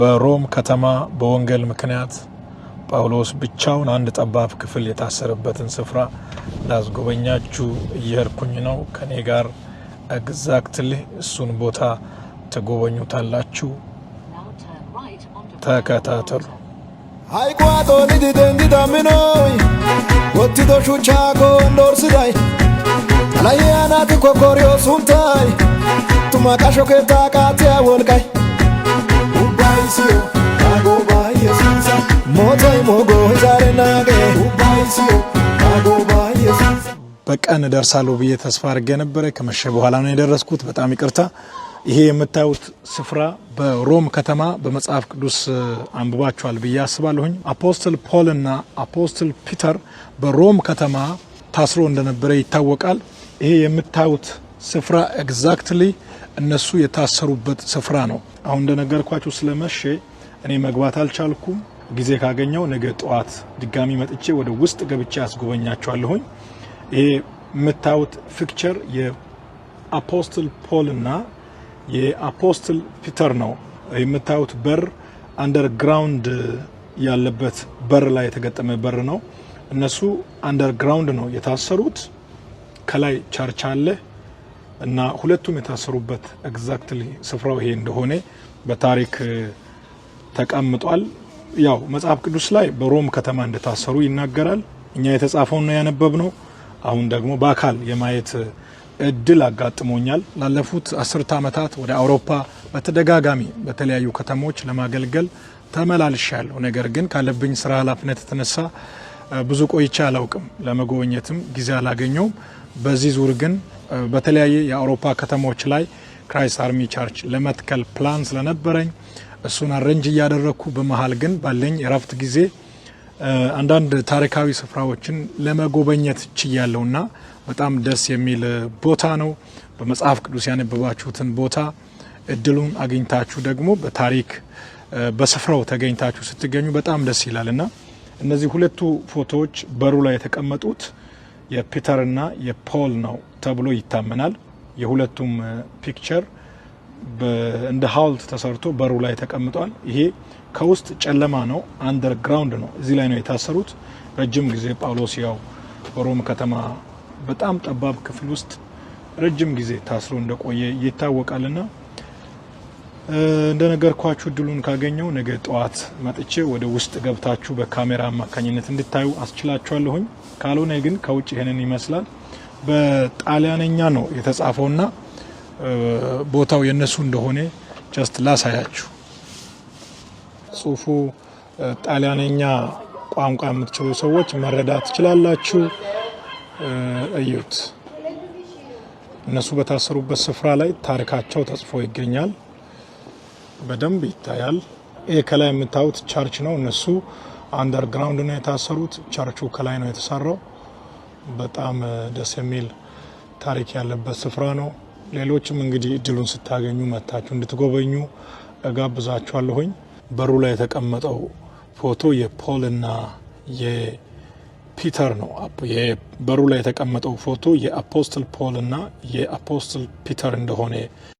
በሮም ከተማ በወንጌል ምክንያት ጳውሎስ ብቻውን አንድ ጠባብ ክፍል የታሰረበትን ስፍራ ላስጎበኛችሁ እየሄድኩኝ ነው። ከኔ ጋር ኤግዛክትሊ እሱን ቦታ ተጎበኙታላችሁ። ተከታተሉ። ሀይቋጦ ዲዲደንዲዳ ምኖይ ወትዶ ሹቻኮ እንዶርስዳይ አላየያናት ኮኮሪዮ ሱምታይ ቱማቃሾ ኬታ ወልቃይ በቀን እደርሳለሁ ብዬ ተስፋ አድርጌ ነበረ። ከመሸ በኋላ ነው የደረስኩት። በጣም ይቅርታ። ይሄ የምታዩት ስፍራ በሮም ከተማ በመጽሐፍ ቅዱስ አንብባችኋል ብዬ አስባለሁኝ። አፖስትል ፖል እና አፖስትል ፒተር በሮም ከተማ ታስሮ እንደነበረ ይታወቃል። ይሄ የምታዩት ስፍራ ኤግዛክትሊ እነሱ የታሰሩበት ስፍራ ነው። አሁን እንደነገርኳችሁ ስለመሼ እኔ መግባት አልቻልኩም። ጊዜ ካገኘው ነገ ጠዋት ድጋሚ መጥቼ ወደ ውስጥ ገብቼ ያስጎበኛቸዋለሁኝ። ይሄ የምታዩት ፊክቸር የአፖስትል ፖል እና የአፖስትል ፒተር ነው። የምታዩት በር አንደርግራውንድ ያለበት በር ላይ የተገጠመ በር ነው። እነሱ አንደርግራውንድ ነው የታሰሩት። ከላይ ቸርች አለ እና ሁለቱም የታሰሩበት ኤግዛክትሊ ስፍራው ይሄ እንደሆነ በታሪክ ተቀምጧል። ያው መጽሐፍ ቅዱስ ላይ በሮም ከተማ እንደታሰሩ ይናገራል። እኛ ነው ያነበብ ነው። አሁን ደግሞ በአካል የማየት እድል አጋጥሞኛል። ላለፉት አስርት ዓመታት ወደ አውሮፓ በተደጋጋሚ በተለያዩ ከተሞች ለማገልገል ተመላልሻለሁ። ነገር ግን ካለብኝ ስራ ኃላፊነት የተነሳ ብዙ ቆይቼ አላውቅም። ለመጎብኘትም ጊዜ አላገኘውም። በዚህ ዙር ግን በተለያየ የአውሮፓ ከተሞች ላይ ክራይስት አርሚ ቸርች ለመትከል ፕላን ስለነበረኝ እሱን አረንጅ እያደረግኩ በመሀል ግን ባለኝ የረፍት ጊዜ አንዳንድ ታሪካዊ ስፍራዎችን ለመጎበኘት ችያለሁና በጣም ደስ የሚል ቦታ ነው። በመጽሐፍ ቅዱስ ያነበባችሁትን ቦታ እድሉን አግኝታችሁ ደግሞ በታሪክ በስፍራው ተገኝታችሁ ስትገኙ በጣም ደስ ይላል እና እነዚህ ሁለቱ ፎቶዎች በሩ ላይ የተቀመጡት የፒተርና የፖል ነው ተብሎ ይታመናል። የሁለቱም ፒክቸር እንደ ሀውልት ተሰርቶ በሩ ላይ ተቀምጧል። ይሄ ከውስጥ ጨለማ ነው፣ አንደርግራውንድ ነው። እዚህ ላይ ነው የታሰሩት። ረጅም ጊዜ ጳውሎስ ያው በሮም ከተማ በጣም ጠባብ ክፍል ውስጥ ረጅም ጊዜ ታስሮ እንደቆየ ይታወቃል ይታወቃልና እንደነገርኳችሁ እድሉን ካገኘው ነገ ጠዋት መጥቼ ወደ ውስጥ ገብታችሁ በካሜራ አማካኝነት እንድታዩ አስችላችኋለሁኝ። ካልሆነ ግን ከውጭ ይህንን ይመስላል። በጣሊያነኛ ነው የተጻፈውና ቦታው የነሱ እንደሆነ ጀስት ላሳያችሁ። ጽሁፉ ጣሊያነኛ ቋንቋ የምትችሉ ሰዎች መረዳት ትችላላችሁ። እዩት። እነሱ በታሰሩበት ስፍራ ላይ ታሪካቸው ተጽፎ ይገኛል። በደንብ ይታያል። ይህ ከላይ የምታዩት ቸርች ነው። እነሱ አንደርግራውንድ ነው የታሰሩት። ቸርቹ ከላይ ነው የተሰራው። በጣም ደስ የሚል ታሪክ ያለበት ስፍራ ነው። ሌሎችም እንግዲህ እድሉን ስታገኙ መታችሁ እንድትጎበኙ እጋብዛችኋለሁኝ። በሩ ላይ የተቀመጠው ፎቶ የፖል እና የፒተር ነው። በሩ ላይ የተቀመጠው ፎቶ የአፖስትል ፖል የአፖስትል ፒተር እንደሆነ